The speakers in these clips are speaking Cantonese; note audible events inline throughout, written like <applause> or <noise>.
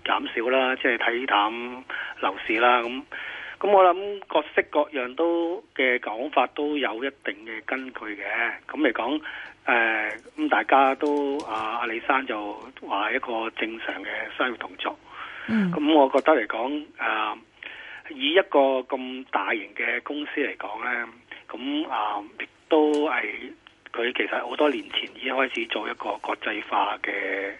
減少啦，即係睇淡樓市啦，咁咁我諗各式各樣都嘅講法都有一定嘅根據嘅。咁嚟講，誒、呃、咁大家都啊，阿李生就話一個正常嘅商業動作。嗯，咁我覺得嚟講，啊以一個咁大型嘅公司嚟講呢，咁啊亦都係佢其實好多年前已經開始做一個國際化嘅。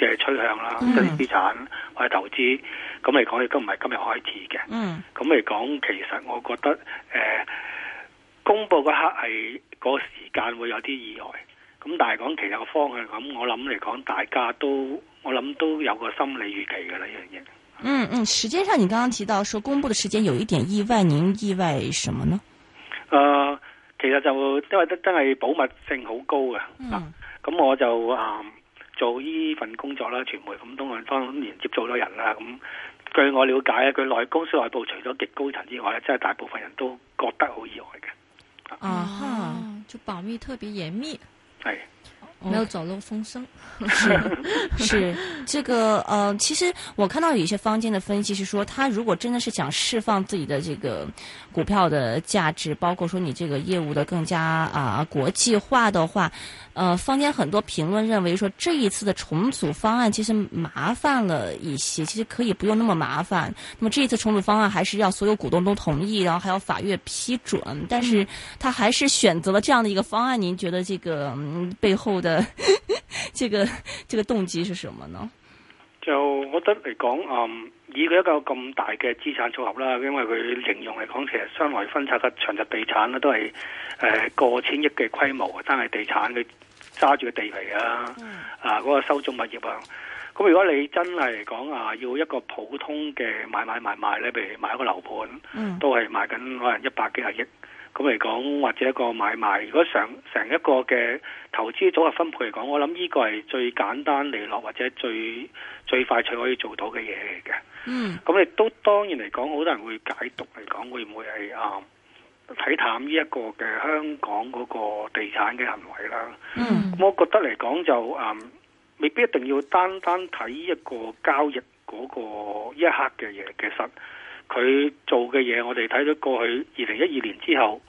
嘅趨向啦，即啲資產或者投資，咁嚟講亦都唔係今日開始嘅。咁嚟講，其實我覺得誒、呃，公布嗰刻係、嗰個時間會有啲意外。咁但係講其他方向，咁我諗嚟講，大家都我諗都有個心理預期嘅呢樣嘢。嗯嗯，時間上你剛剛提到，說公布嘅時間有一點意外，你意外什麼呢？誒、呃，其實就因為真真係保密性好高嘅。嗯，咁、啊、我就啊。呃做呢份工作啦，傳媒咁東岸方連接咗好多人啦，咁據我了解咧，佢內公司內部除咗極高層之外咧，真係大部分人都覺得好意外嘅。啊哈，哈、嗯、就保密特別嚴密，係是，哦、沒有走漏風聲。 <laughs> <laughs> <laughs> 是，這個，呃，其實我看到有一些坊間的分析是說，他如果真的是想釋放自己的這個股票的價值，包括說你這個業務的更加啊、呃、國際化的話。呃，坊間很多評論認為說，這一次的重組方案其實麻煩了一些，其實可以不用那麼麻煩。那麼這一次重組方案還是要所有股東都同意，然後還要法院批准。但是他還是選擇了這樣的一個方案。您覺得這個嗯背後的呵呵這個這個動機是什麼呢？就我覺得嚟講，嗯，以佢一個咁大的資產組合啦，因為佢形容嚟講，其實將來分拆嘅長實地產咧都係誒、呃、過千億嘅規模，單係地產佢。揸住個地皮啊！啊，嗰、嗰個收租物業啊，咁如果你真係講啊，要一個普通嘅買買買賣咧，譬如買一個樓盤，嗯、都係賣緊可能一百幾廿億。咁嚟講，或者一個買賣，如果成成一個嘅投資組合分配嚟講，我諗呢個係最簡單利落，或者最最快脆可以做到嘅嘢嚟嘅。咁亦、嗯、都當然嚟講，好多人會解讀嚟講，會唔會係啱，啊睇淡呢一個嘅香港嗰個地產嘅行為啦。嗯，我覺得嚟講就誒、嗯，未必一定要單單睇一個交易嗰個一刻嘅嘢其實，佢做嘅嘢，我哋睇咗過去二零一二年之後，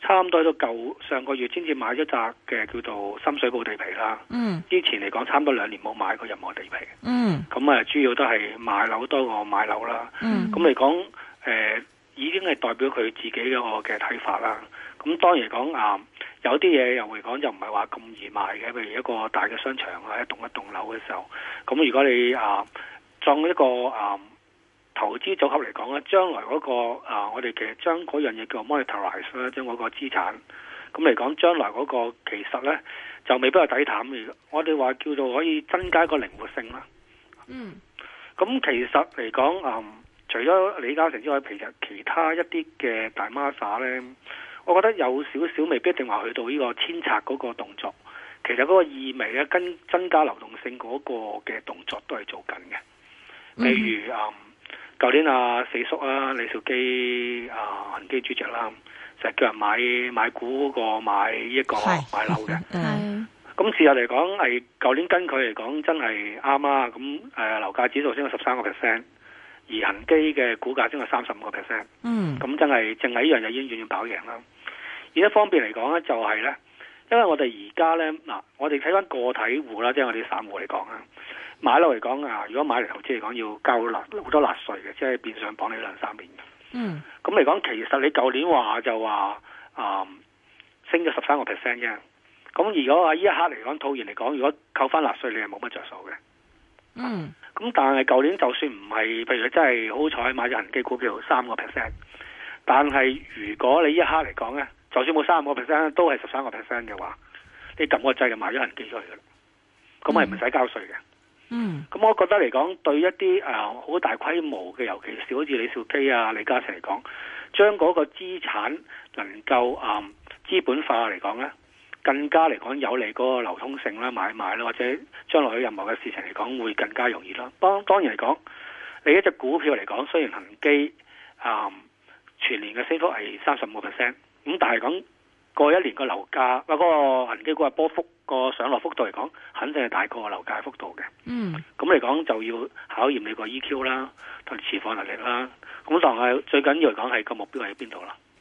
差唔多都舊上個月先至買咗扎嘅叫做深水埗地皮啦。嗯，之前嚟講差唔多兩年冇買過任何地皮。嗯，咁啊主要都係買樓多過買樓啦。嗯，咁嚟講誒。呃已經係代表佢自己嘅個嘅睇法啦。咁當然嚟講啊，有啲嘢又會講，就唔係話咁易賣嘅。譬如一個大嘅商場啊，一棟一棟樓嘅時候，咁如果你啊，做一個啊投資組合嚟講咧，將來嗰個啊，我哋其實將嗰樣嘢叫 monetize 啦，將嗰個資產咁嚟講，將來嗰個其實咧就未必係底淡嚟。我哋話叫做可以增加個靈活性啦。嗯，咁其實嚟講啊。除咗李嘉誠之外，其實其他一啲嘅大孖沙咧，我覺得有少少未必一定話去到呢個遷冊嗰個動作。其實嗰個意味咧，跟增加流動性嗰個嘅動作都係做緊嘅。例如，mm hmm. 嗯，舊年阿、啊、四叔啊，李兆基啊，恒基主席啦，成日叫人買買股、嗰個買一、呢個買樓嘅。咁、mm hmm. 事實嚟講，係舊年跟佢嚟講真係啱啊！咁誒、呃、樓價指數先有十三個 percent。而恆基嘅股價先係三十五個 percent，嗯，咁真係淨係呢樣嘢已經遠遠跑贏啦。而一方面嚟講咧，就係、是、咧，因為我哋而家咧嗱，我哋睇翻個體戶啦，即係我哋散戶嚟講啊，買樓嚟講啊，如果買嚟投資嚟講，要交好好多辣稅嘅，即係變相綁你兩三年嘅、嗯。嗯，咁嚟講，其實你舊年話就話啊，升咗十三個 percent 啫。咁如果啊，呢一刻嚟講，套現嚟講，如果扣翻辣稅，你係冇乜着數嘅。啊、嗯。咁但係舊年就算唔係，譬如你真係好彩買咗恒基股票三個 percent，但係如果你一刻嚟講咧，就算冇三個 percent 都係十三個 percent 嘅話，你撳個掣就賣咗恒基出去嘅啦，咁咪唔使交稅嘅。嗯，咁、嗯嗯、我覺得嚟講對一啲啊好大規模嘅，尤其是好似李兆基啊、李嘉誠嚟講，將嗰個資產能夠啊、嗯、資本化嚟講咧。更加嚟講有利嗰個流通性啦、買賣啦，或者將來有任何嘅事情嚟講，會更加容易咯。當當然嚟講，你一隻股票嚟講，雖然恒基啊全年嘅升幅係三十五個 percent，咁但係講過一年嘅樓價，啊、呃、嗰、嗰個恆基股嘅波幅、嗰個上落幅度嚟講，肯定係大過樓價嘅幅度嘅。嗯、mm.，咁嚟講就要考驗你個 EQ 啦同持貨能力啦。咁但係最緊要嚟講係個目標喺邊度啦？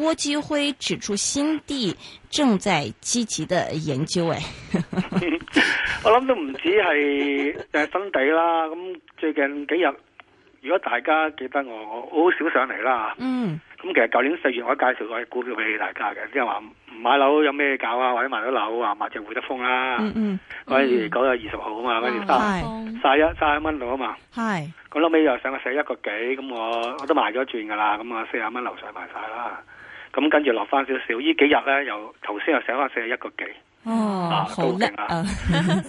郭基輝指出，新地正在積極嘅研究，哎。誒， <laughs> <laughs> 我諗都唔止係誒新地啦，咁最近幾日，如果大家記得我，我好少上嚟啦。嗯，咁其實舊年四月我介紹過啲股票俾大家嘅，即係話唔買樓有咩搞啊？或者買咗樓話買隻會德豐啦，或者九月二十號啊嘛，嗰條三，十一蚊度啊嘛，係是，咁後尾又上個四一個幾，咁我我都賣咗轉噶啦，咁我四十蚊流水賣晒啦。咁跟住落翻少少，幾呢幾日咧又頭先又寫翻四十一個幾，啊都好勁啊！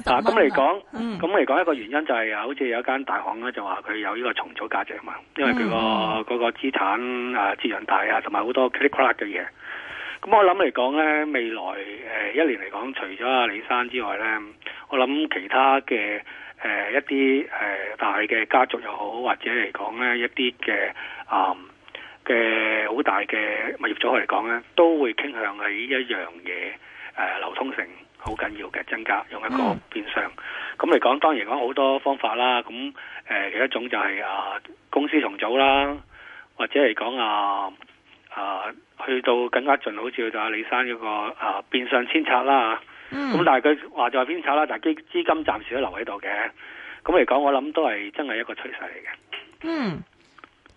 咁嚟講，咁嚟講一個原因就係、是、啊，好似有一間大行咧就話佢有呢個重組價值啊嘛，因為佢個嗰個資產啊資源大啊，同埋好多 critical 嘅嘢。咁我諗嚟講咧，未來誒、呃、一年嚟講，除咗阿李生之外咧，我諗其他嘅誒、呃、一啲誒、呃、大嘅家族又好，或者嚟講咧一啲嘅啊。呃嘅好大嘅物業組合嚟講咧，都會傾向喺一樣嘢誒流通性好緊要嘅增加，用一個變相咁嚟講，當然講好多方法啦。咁誒、呃，其中一種就係、是、啊公司重組啦，或者嚟講啊啊去到更加盡，好似去到阿李生嗰、那個啊變相遷拆啦。咁、嗯、但係佢話就係遷拆啦，但係基資金暫時都留喺度嘅。咁嚟講，我諗都係真係一個趨勢嚟嘅。嗯。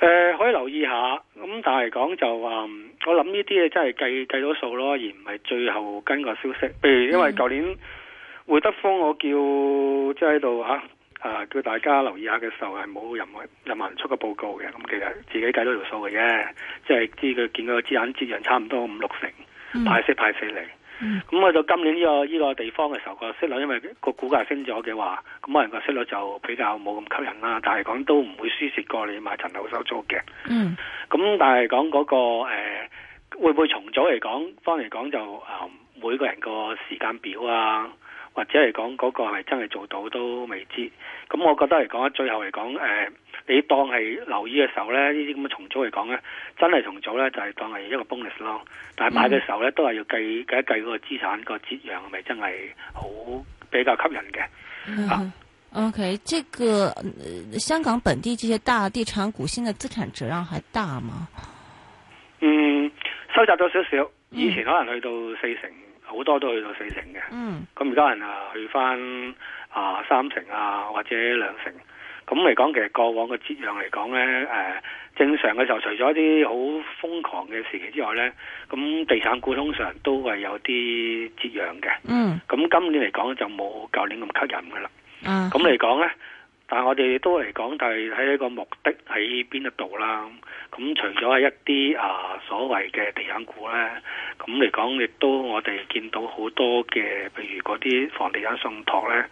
誒、呃，可以留意一下，咁但係講就話、嗯，我諗呢啲嘢真係計計到數咯，而唔係最後跟個消息。譬如因為舊年會、嗯、德豐，我叫即喺度吓，叫大家留意一下嘅時候係冇任何任何人出個報告嘅，咁其實自己計到條數嘅啫，即係知佢見個資產折讓差唔多五六成，派息派四厘。嗯嗯，咁我、嗯、到今年呢、這個呢、這個地方嘅時候個息率，因為個股價升咗嘅話，咁可能個息率就比較冇咁吸引啦。但係講都唔會輸蝕過你買層樓收租嘅。嗯，咁、嗯、但係講嗰個誒、呃，會唔會重組嚟講，方嚟講就誒、呃，每個人個時間表啊？或者嚟講嗰個係真係做到都未知，咁我覺得嚟講，最後嚟講，誒、呃，你當係留意嘅時候咧，呢啲咁嘅重組嚟講咧，真係重組咧就係、是、當係一個 bonus 咯。但係買嘅時候咧，嗯、都係要計計一計嗰個資產、那個折讓係咪真係好比較吸引嘅？O K，呢個、呃、香港本地這些大地產股，現在資產折讓還大嗎？嗯，收窄咗少少，以前可能去到四成。好多都去到四成嘅，咁而、嗯、家人啊去翻啊三成啊或者兩成，咁嚟講其實過往嘅折讓嚟講呢，誒、呃、正常嘅時候除咗一啲好瘋狂嘅時期之外呢，咁地產股通常都係有啲折讓嘅，咁、嗯、今年嚟講就冇舊年咁吸引噶啦，咁嚟講呢。但係我哋都嚟講，就係喺一個目的喺邊一度啦。咁除咗係一啲啊，所謂嘅地產股咧，咁嚟講亦都我哋見到好多嘅，譬如嗰啲房地產信託咧，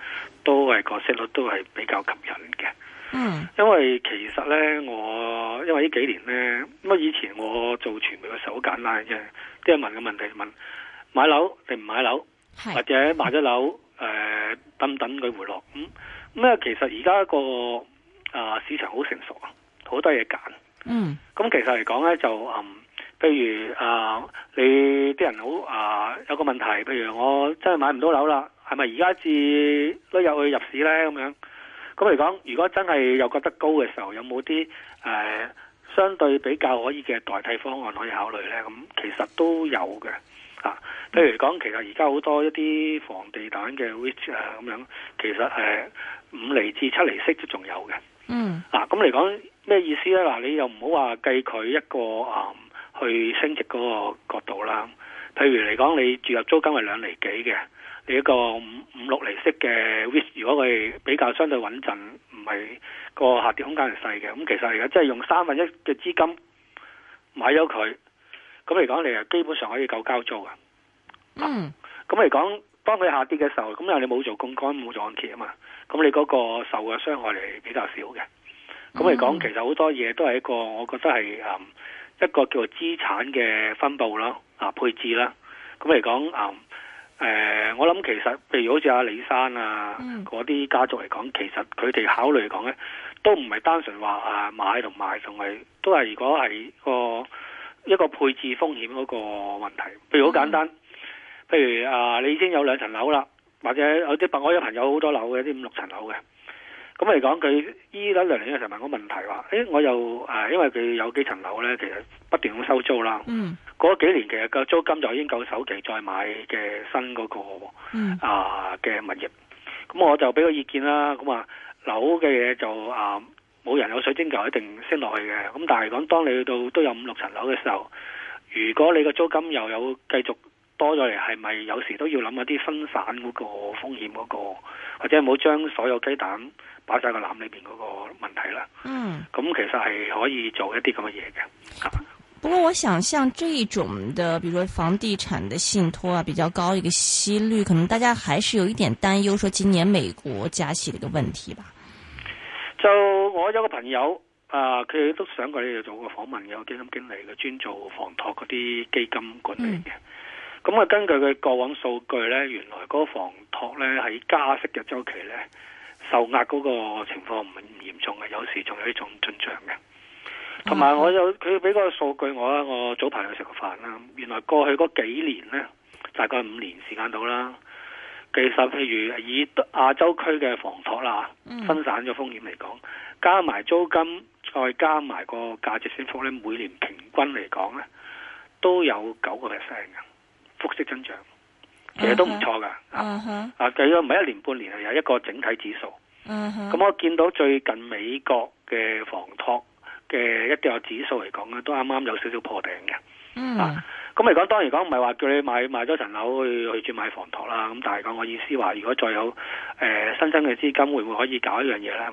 都係個息率都係比較吸引嘅。嗯，因為其實咧，我因為呢幾年咧，咁以前我做傳媒嘅時候好簡單嘅，即係問個問題，問買樓定唔買樓，是或者買咗樓誒等等佢回落咁。嗯咩？其實而家個啊市場好成熟啊，好多嘢揀。嗯。嗯。咁其實嚟講呢，就嗯，譬如啊，你啲人好啊，有個問題，譬如我真係買唔到樓啦，係咪而家至都有去入市呢？咁樣。咁嚟講，如果真係又覺得高嘅時候，有冇啲誒相對比較可以嘅代替方案可以考慮呢？咁其實都有嘅。啊，譬如講，其實而家好多一啲房地產嘅 witch 啊，咁樣其實誒。啊五厘至七厘息都仲有嘅、嗯啊，嗯，嗱咁嚟講咩意思咧？嗱，你又唔好話計佢一個去升值嗰個角度啦。譬如嚟講，你住入租金係兩厘幾嘅，你一個五五六厘息嘅 risk，如果佢比較相對穩陣，唔係個下跌空間係細嘅。咁、嗯、其實而家即係用三分一嘅資金買咗佢，咁嚟講你又基本上可以夠交租嘅。嗯、啊，咁嚟講。當佢下跌嘅時候，咁又你冇做槓桿，冇做按揭啊嘛，咁你嗰個受嘅傷害嚟比較少嘅。咁嚟講，嗯嗯其實好多嘢都係一個，我覺得係、嗯、一個叫做資產嘅分佈囉，啊配置啦。咁嚟講，誒、嗯呃、我諗其實，譬如好似阿李生啊嗰啲、嗯、家族嚟講，其實佢哋考慮嚟講咧，都唔係單純話啊買同賣，仲係都係如果係一,一個配置風險嗰個問題。譬如好簡單。嗯譬如啊，你已經有兩層樓啦，或者有啲我有朋友好多樓嘅，啲五六層樓嘅。咁嚟講，佢依兩兩年嘅時候問我問題話，誒、欸，我又啊，因為佢有幾層樓咧，其實不斷咁收租啦。嗯。嗰幾年其實個租金就已經夠首期再買嘅新嗰、嗰個啊嘅物業，咁我就俾個意見啦。咁啊，樓嘅嘢就啊冇人有水晶球一定升落去嘅。咁但係講當你去到都有五六層樓嘅時候，如果你個租金又有繼續。多咗嚟，係咪有時都要諗一啲分散嗰個風險嗰個，或者唔好將所有雞蛋擺晒個籃裏邊嗰個問題啦。嗯，咁其實係可以做一啲咁嘅嘢嘅。不過我想，像這種的，比如說房地產的信託啊，比較高一個息率，可能大家還是有一點擔憂，說今年美國加息呢個問題吧。就我有個朋友，啊，佢都想過嚟做個訪問，有基金經理嘅，專做房托嗰啲基金管理嘅。嗯咁啊，根據佢過往數據呢，原來嗰房託呢喺加息嘅周期呢，受壓嗰個情況唔唔嚴重嘅，有時仲有啲仲進帳嘅。同埋我有佢俾個數據我啦，我早排去食過飯啦。原來過去嗰幾年呢，大概五年時間度啦，其實譬如以亞洲區嘅房託啦，分散咗風險嚟講，加埋租金，再加埋個價值升幅呢，每年平均嚟講呢，都有九個 percent 嘅。複式增長其實都唔錯噶，嗯、哼啊，啊，如果唔係一年半年，係有一個整體指數。咁、嗯、哼我見到最近美國嘅房託嘅一啲個指數嚟講咧，都啱啱有少少破頂嘅。嗯、啊，咁嚟講當然講唔係話叫你買買多層樓去去轉買房託啦。咁但係講我意思話，如果再有誒、呃、新增嘅資金，會唔會可以搞一樣嘢咧？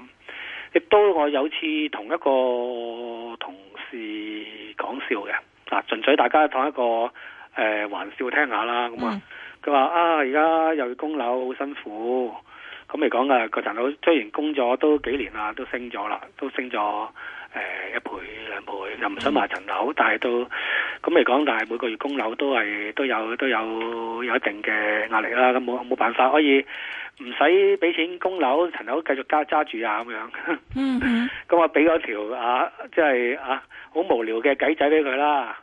亦都我有次同一個同事講笑嘅，嗱、啊，純粹大家講一個。誒、呃、玩笑聽下啦，咁啊，佢話啊，而家又要供樓好辛苦，咁嚟講啊，個層樓雖然供咗都幾年啦，都升咗啦，都升咗誒、呃、一倍兩倍，又唔想賣層樓，但係都咁嚟講，但係每個月供樓都係都有都有有一定嘅壓力啦，咁冇冇辦法可以唔使俾錢供樓，層樓繼續揸揸住啊咁樣。嗯嗯，咁我俾咗條啊，即係啊，好無聊嘅偈仔俾佢啦。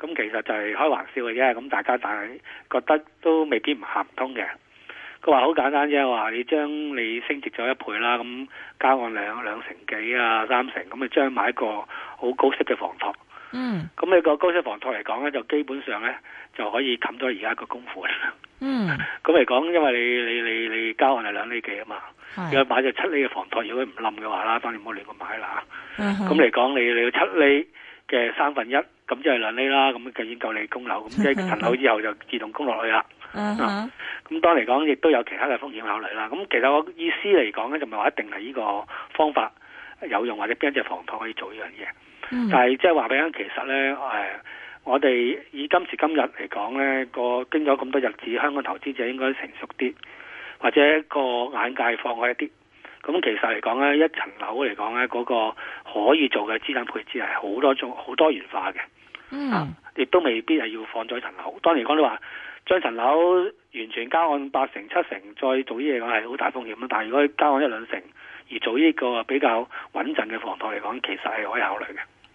咁其實就係開玩笑嘅啫，咁大家但係覺得都未必唔行通嘅。佢話好簡單啫，話你將你升值咗一倍啦，咁交按兩兩成幾啊三成，咁咪將買一個好高息嘅房託。嗯。咁你個高息房託嚟講咧，就基本上咧就可以冚咗而家個供款。嗯。咁嚟 <laughs> 講，因為你你你你交按係兩厘幾啊嘛，如果買咗七厘嘅房託，如果唔冧嘅話啦，當然唔好亂咁買啦。咁嚟講，你你要七厘嘅三分一咁即係兩厘啦，咁就已夠你供樓，咁即係層樓之後就自動供落去啦。咁當嚟講，亦都有其他嘅風險考慮啦。咁其實我意思嚟講咧，就唔係話一定係呢個方法有用，或者邊一隻房託可以做呢樣嘢。嗯、但係即係話俾你聽，其實咧誒，我哋以今時今日嚟講咧，個經咗咁多日子，香港投資者應該成熟啲，或者個眼界放開啲。咁其實嚟講咧、啊，一層樓嚟講咧、啊，嗰、那個可以做嘅資產配置係好多種、好多元化嘅。嗯。亦、啊、都未必係要放咗一層樓。當然講，你話，將層樓完全加按八成、七成，再做呢嘢，係好大風險啦。但係如果加按一兩成，而做呢個比較穩陣嘅房託嚟講，其實係可以考慮嘅。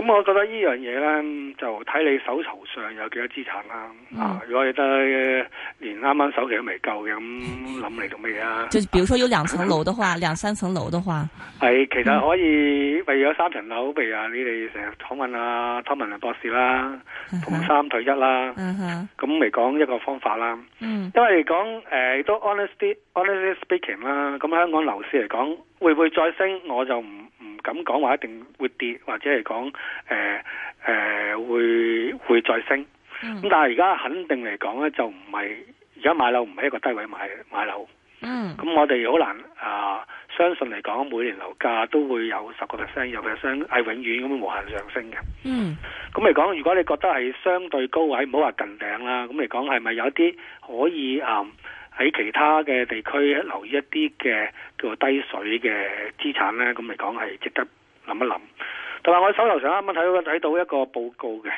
咁、嗯、我覺得呢樣嘢呢，就睇你手頭上有幾多資產啦。嗯、啊，如果你得連啱啱首期都未夠嘅，咁諗嚟做乜嘢啊？就，比如說有兩層樓嘅話， <laughs> 兩三層樓嘅話，係其實可以，為咗有三層樓，譬、嗯、如你哋成日訪問啊，湯文啊博士啦，同、啊、哈三退一啦，咁嚟、啊、哈講一個方法啦。嗯、因為講誒、呃、都 honestly, honestly speaking 啦，咁香港樓市嚟講。會唔會再升？我就唔唔敢講話一定會跌，或者係講誒誒會會再升。咁、嗯、但係而家肯定嚟講咧，就唔係而家買樓唔係一個低位買買樓。嗯。咁我哋好難啊！相信嚟講，每年樓價都會有十個 percent、有嘅商 r 係永遠咁樣無限上升嘅。嗯。咁嚟講，如果你覺得係相對高位，唔好話近頂啦。咁嚟講，係咪有啲可以啊？嗯喺其他嘅地區留意一啲嘅叫做低水嘅資產呢，咁嚟講係值得諗一諗。同埋我手頭上啱啱睇到一個報告嘅，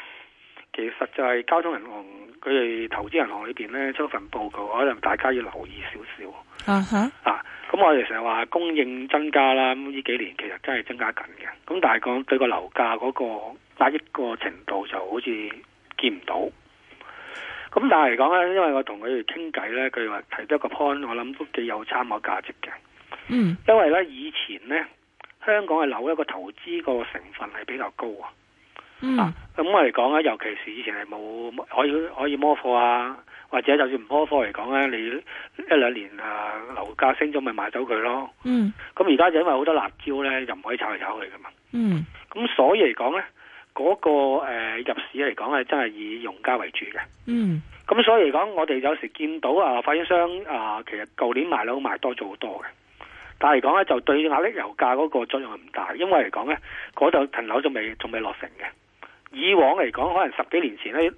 其實就係交通銀行佢哋投資銀行裏邊呢，出咗份報告，可能大家要留意少少。Uh huh. 啊咁我哋成日話供應增加啦，咁呢幾年其實真係增加緊嘅。咁但係講對個樓價嗰個壓抑嗰程度就好似見唔到。咁、嗯、但係嚟講咧，因為我同佢哋傾偈咧，佢話提出一個 point，我諗都幾有參考價值嘅。嗯。因為咧以前咧，香港嘅樓一個投資個成分係比較高、嗯、啊。嗯。咁我嚟講咧，尤其是以前係冇可以可以摸貨啊，或者就算唔摸貨嚟講咧，你一兩年啊樓價升咗，咪賣走佢咯。嗯。咁而家就因為好多辣椒咧，就唔可以炒嚟炒去噶嘛。嗯。咁所以嚟講咧。嗰、嗰個、呃、入市嚟講係真係以用家為主嘅，嗯，咁所以嚟講，我哋有時見到啊，發展商啊，其實舊年賣樓賣多咗好多嘅，但係嚟講咧就對壓力油價嗰個作用係唔大，因為嚟講咧嗰度層樓仲未仲未落成嘅。以往嚟講，可能十幾年前咧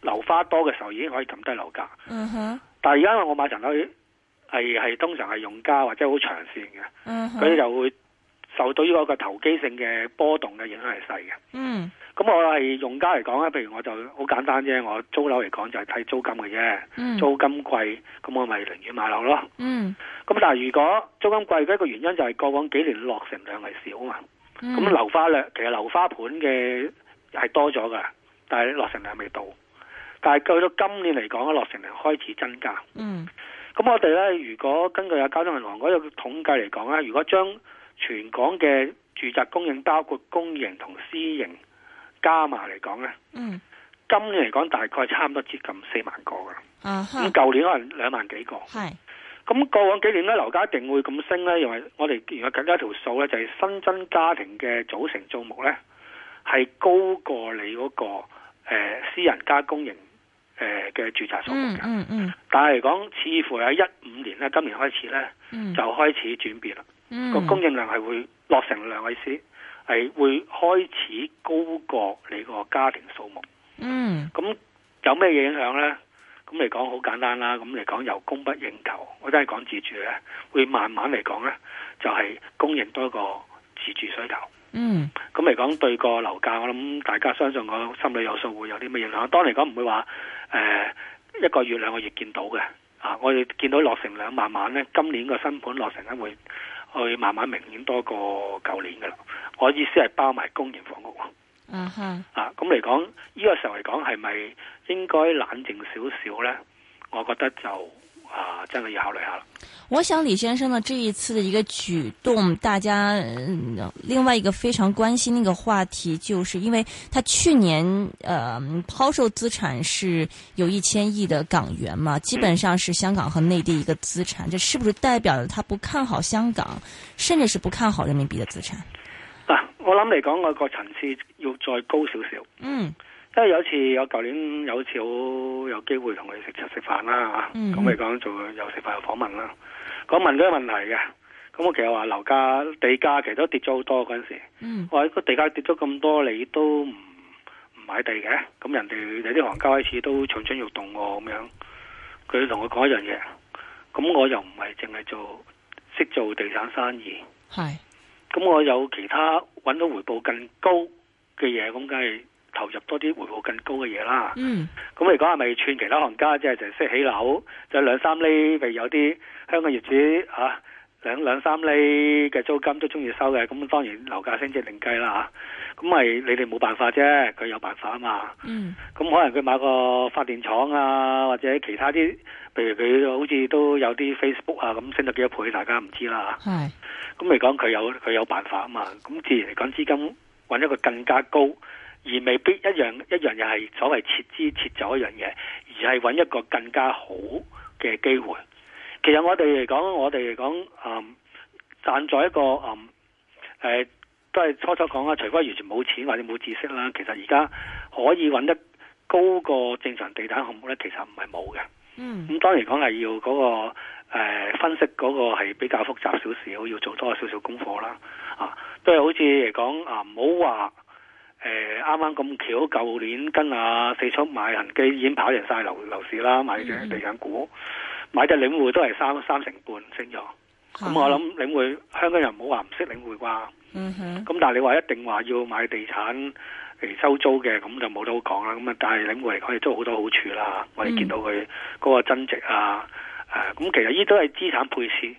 樓花多嘅時候已經可以撳低樓價，嗯、哼但係而家因為我買層樓係係通常係用家或者好長線嘅，佢、嗯、哼就會。就對於嗰個投機性嘅波動嘅影響係細嘅。嗯，咁我係用家嚟講咧，譬如我就好簡單啫。我租樓嚟講就係睇租金嘅啫。嗯，租金貴，咁我咪寧願買樓咯。嗯，咁但係如果租金貴嘅一個原因就係過往幾年落成量係少啊嘛。咁樓、嗯、花咧其實樓花盤嘅係多咗㗎，但係落成量未到。但係去到今年嚟講咧，落成量開始增加。嗯，咁我哋咧如果根據阿交通銀行嗰個統計嚟講咧，如果將全港嘅住宅供應，包括公營同私營加埋嚟講咧，嗯、今年嚟講大概差唔多接近四萬個噶啦。咁舊、啊、哈年可能兩萬幾個。係咁是，那過往幾年咧，樓價一定會咁升咧，因為我哋如果計多一條數咧，就係、是、新增家庭嘅組成數目咧，係高過你嗰、那個、呃、私人加公營誒嘅、呃、住宅數目嘅、嗯。嗯嗯，但係嚟講，似乎喺一五年咧，今年開始咧，嗯、就開始轉變啦。個、嗯、供應量係會落成兩位數，係會開始高過你個家庭數目。嗯，咁有咩影響呢？咁嚟講好簡單啦。咁嚟講又供不應求，我真係講自住咧，會慢慢嚟講呢，就係、是、供應多過自住需求。嗯，咁嚟講對個樓價，我諗大家相信我心裡有數，會有啲咩影響。當嚟講唔會話誒、呃、一個月兩個月見到嘅。啊，我哋見到落成兩萬萬呢，今年個新盤落成咧會。去慢慢明年多過舊年噶啦，我意思係包埋公營房屋。嗯哼、uh，huh. 啊，咁嚟講，呢個時候嚟講，係咪應該冷靜少少咧？我覺得就。啊，真係要考慮下啦。我想李先生呢這一次的一個舉動，大家另外一個非常關心那個話題，就是因為他去年，呃，拋售資產是有一千億的港元嘛，基本上是香港和內地一個資產，這是不是代表着他不看好香港，甚至是不看好人民幣的資產？啊，我諗嚟講，外國層次要再高少少。嗯。即係有一次，我舊年有一次好有機會同佢食食飯啦，咁你講做又食飯又訪問啦。講問咗個問題嘅，咁我其實話樓價、地價其實都跌咗好多嗰陣時，mm hmm. 我話個地價跌咗咁多，你都唔唔買地嘅？咁人哋有啲行家開始都蠢蠢欲動喎，咁樣佢同我講一樣嘢，咁我又唔係淨係做識做地產生意，咁、mm hmm. 我有其他搵到回報更高嘅嘢，咁梗係。投入多啲回報更高嘅嘢啦，咁嚟講係咪串其他行家，即係就識起樓，就兩三厘，譬如有啲香港業主、啊、兩,兩三厘嘅租金都中意收嘅，咁當然樓價升值另計啦。咁係你哋冇辦法啫，佢有辦法啊嘛。咁、嗯、可能佢買個發電廠啊，或者其他啲，譬如佢好似都有啲 Facebook 啊咁升到幾多倍，大家唔知啦。咁嚟講佢有佢有辦法啊嘛。咁自然嚟講資金揾一個更加高。而未必一樣一樣又係所謂撤資撤走一樣嘢，而係揾一個更加好嘅機會。其實我哋嚟講，我哋嚟講，嗯，站在一個嗯、呃、都係初初講啊，除非完全冇錢或者冇知識啦。其實而家可以揾得高過正常地產項目呢，其實唔係冇嘅。嗯，咁當然講係要嗰、嗰個、呃、分析嗰個係比較複雜少少，要做多少少功課啦。啊，都係好似嚟講啊，唔好話。誒，啱啱咁巧，舊年跟阿四叔買恆基，已經跑贏曬樓，樓市啦，買隻地產股，mm hmm. 買隻領匯都係三三成半升咗，咁的、嗯、我諗領匯香港人唔好話唔識領匯啩，咁、mm hmm. 嗯、但係你話一定話要買地產嚟收租嘅，咁就冇得好講啦。咁啊，但係領匯嚟講亦都好多好處啦，mm hmm. 我哋見到佢嗰個增值啊，咁、啊嗯、其實呢都係資產配置。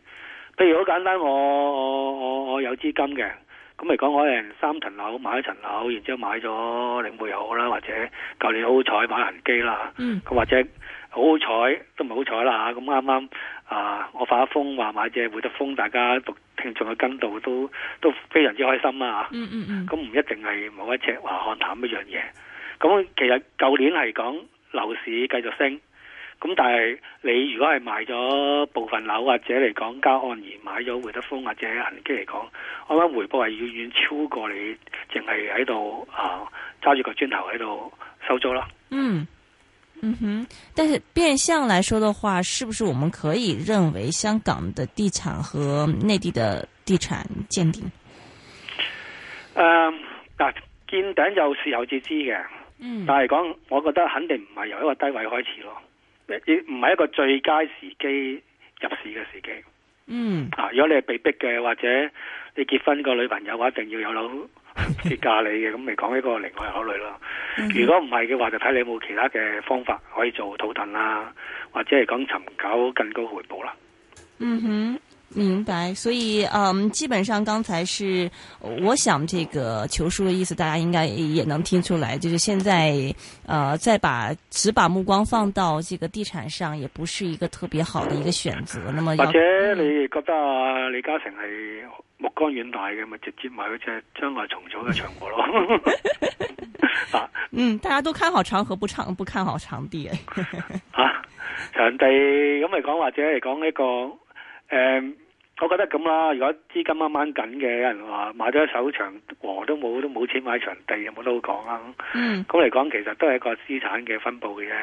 譬如好簡單，我我我我有資金嘅。咁嚟講，我可能三層樓買一層樓，然之後買咗領匯好啦，或者舊年好好彩買銀基啦，咁、嗯、或者好好彩都唔係好彩啦咁啱啱啊，我發風一封話買隻匯德豐，大家讀聽眾嘅跟到都都非常之開心啊。咁唔、嗯嗯嗯、一定係某一尺話看淡一樣嘢。咁其實舊年係講樓市繼續升。咁但係你如果係賣咗部分樓或者嚟講交按揭買咗會德豐或者恒基嚟講，我覺得回報係遠遠超過你淨係喺度啊揸住個磚頭喺度收租啦。嗯，嗯哼，但是變相來說的話，是不是我們可以認為香港的地產和內地的地產見頂？誒，嗱、嗯，見頂就事後自知嘅，但係講我覺得肯定唔係由一個低位開始咯。嗯嗯你唔係一個最佳時機入市嘅時機。嗯，啊，如果你係被逼嘅，或者你結婚個女朋友話一定要有樓結嫁你嘅，咁咪講一個另外考慮咯。嗯哼。如果唔係嘅話，就睇你有冇其他嘅方法可以做套戥啦，或者係講尋求更高回報啦、啊。嗯哼。明白，所以嗯，基本上剛才是我想這個球叔的意思，大家應該也能聽出來，就是現在呃，再把只把目光放到這個地產上，也不是一個特別好的一個選擇。那麼，或者你覺得李嘉誠係目光遠大嘅，咪直接買嗰隻將來重組嘅長河咯？啊，嗯，大家都看好長河，不長不看好長地哎。啊，長地咁咪講，或者嚟講呢個。誒，um, 我覺得咁啦。如果資金啱啱緊嘅，有人話，買咗一手長和都冇，都冇錢買場地，有冇都會說、mm. 講啊？嗯，咁嚟講，其實都係一個資產嘅分布嘅啫。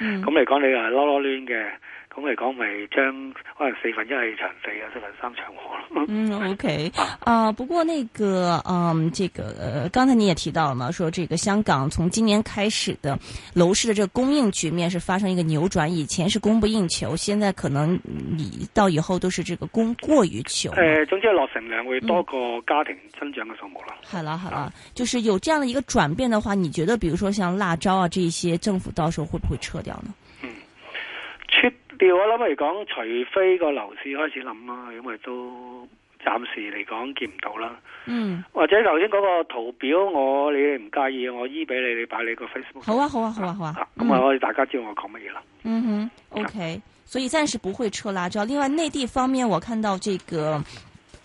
嗯，咁嚟講，你又係囉囉攣嘅。咁嚟講，咪將可能四分一係長四，啊，四分三長禾咯。嗯，OK，啊、呃，不過那個，嗯、呃，這個，呃，剛才你也提到了，嘛，說這個香港從今年開始的樓市的這個供應局面是發生一個扭轉，以前是供不應求，現在可能你到以後都是這個供過於求。誒、呃，總之落成量會多過家庭增長嘅數目了、嗯、啦。係啦，係啦，就是有這樣一個轉變的話，你覺得，比如說像辣招啊，這些政府到時候會不會撤掉呢？我諗嚟講，除非個樓市開始諗啦，因為都暫時嚟講見唔到啦。嗯，或者頭先嗰個圖表我，我你哋唔介意，我依俾你，你擺你個 Facebook 上。啊。好啊好啊好啊好啊。咁啊，我哋，啊啊嗯、大家知道我講乜嘢啦。嗯哼，OK，嗯，所以暫時不會撤拉，要另外，內地方面，我看到這個。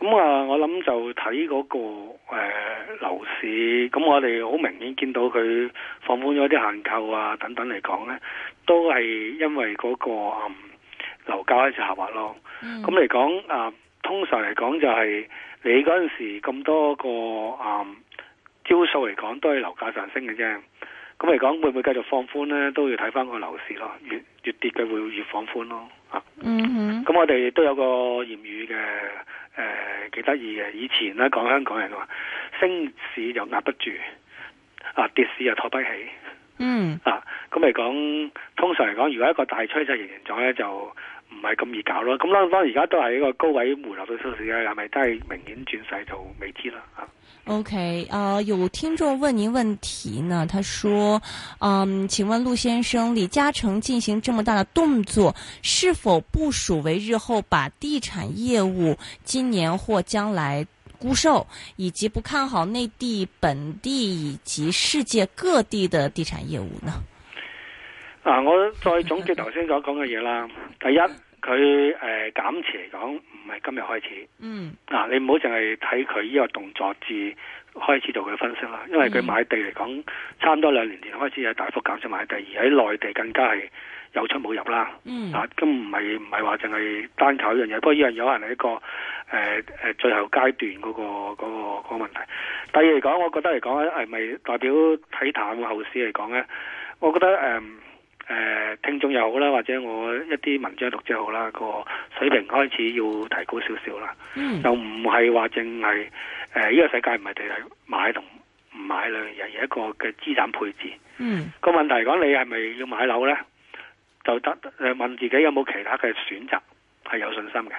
咁啊，我諗就睇嗰、那個誒樓、呃、市，咁我哋好明顯見到佢放寬咗啲限購啊等等嚟講咧，都係因為嗰、那個啊、嗯、樓價一直下滑咯。咁嚟、嗯、講啊，通常嚟講就係你嗰陣時咁多個啊、嗯、招數嚟講，都係樓價上升嘅啫。咁嚟講會唔會繼續放寬咧？都要睇翻個樓市咯。越越跌嘅會越放寬咯。啊、嗯哼。咁我哋亦都有個言語嘅。誒幾得意嘅，以前咧、啊、講香港人話升市又壓不住，啊跌市又托不起，嗯啊咁嚟講，通常嚟講，如果一個大趨勢形成咗咧就。唔係咁易搞咯，咁當然而家都係一個高位回流嘅趨勢嘅，係咪都係明年轉勢就未知啦？啊，OK，啊、呃、有聽眾問您問題呢，他說，嗯、呃，請問陸先生，李嘉誠進行這麼大的動作，是否部署為日後把地產業務今年或將來沽售，以及不看好內地本地以及世界各地的地產業務呢？嗱、啊，我再總結頭先所講嘅嘢啦。第一，佢誒、呃、減持嚟講，唔係今日開始。嗯。嗱、啊，你唔好淨係睇佢呢個動作至開始做佢分析啦。因為佢買地嚟講，差唔多兩年前開始有大幅減少買地，而喺內地更加係有出冇入啦、啊。嗯。咁唔係唔係話淨係單靠一樣嘢。不過依樣有可能係一個誒、呃、最後階段嗰、嗰個嗰、嗰個嗰個問題。第二嚟講，我覺得嚟講係咪代表睇淡後市嚟講咧？我覺得誒。嗯。誒，聽眾又好啦，或者我一啲文章讀者好啦，個水平開始要提高少少啦。又唔係話淨係誒，呢個世界唔係地，係買同唔買兩樣嘢，一個嘅資產配置。個、嗯、問題講，你係咪要買樓呢？就得問問自己有冇其他嘅選擇，係有信心嘅。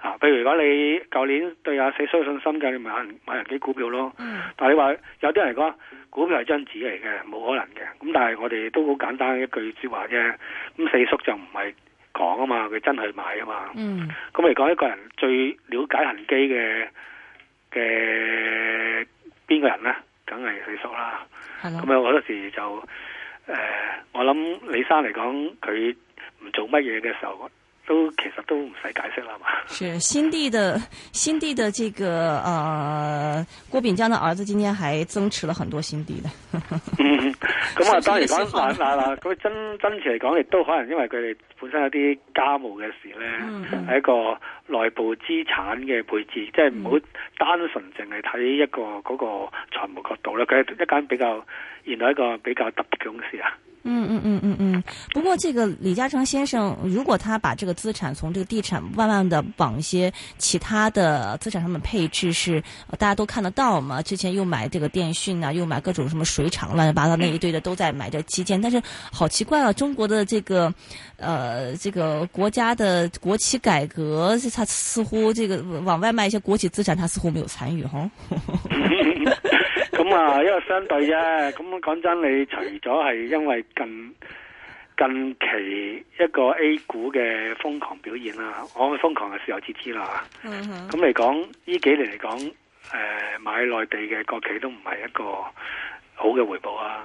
啊！譬如如果你舊年對阿四叔有信心嘅，你咪買買恒基股票咯。嗯、但係你話有啲人講股票係張紙嚟嘅，冇可能嘅。咁但係我哋都好簡單一句説話啫。咁四叔就唔係講啊嘛，佢真係買啊嘛。咁嚟講，一個人最了解恒基嘅嘅邊個人咧？梗係四叔啦。咁啊的、呃，好多時就誒，我諗李生嚟講佢唔做乜嘢嘅時候。都其實都唔使解釋啦嘛。是新地的，新地的這個呃郭炳江的兒子，今天還增持了很多新地的。咁啊，當然講反話啦。佢增持嚟講，亦都可能因為佢哋本身有啲家務嘅事呢，係一個內部資產嘅配置，即係唔好單純淨係睇一個嗰個財務角度啦。佢一間比較原來一個比較特別嘅公司啊。嗯嗯嗯嗯嗯。不過，這個李嘉誠先生，如果他把這個資產從這個地產慢慢的往一些其他的資產上面配置，是大家都看得到嘛？之前又買這個電訊啊，又買各種什麼水廠亂七八糟那一堆的都在買這個基建，但是好奇怪啊！中國的這個，呃，這個國家的國企改革，是他似乎這個往外賣一些國企資產，他似乎沒有參與哈。咁啊，因為相對啫，咁講真，你除咗係因為近。近期一個 A 股嘅瘋狂表現啦、啊，我嘅瘋狂嘅時候知之啦。咁嚟講，呢幾年嚟講，誒、呃、買內地嘅國企都唔係一個好嘅回報啊。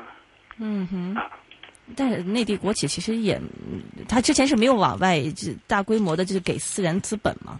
嗯哼，啊、但係內地國企其實也，他之前是沒有往外大規模的，就是給私人資本嘛。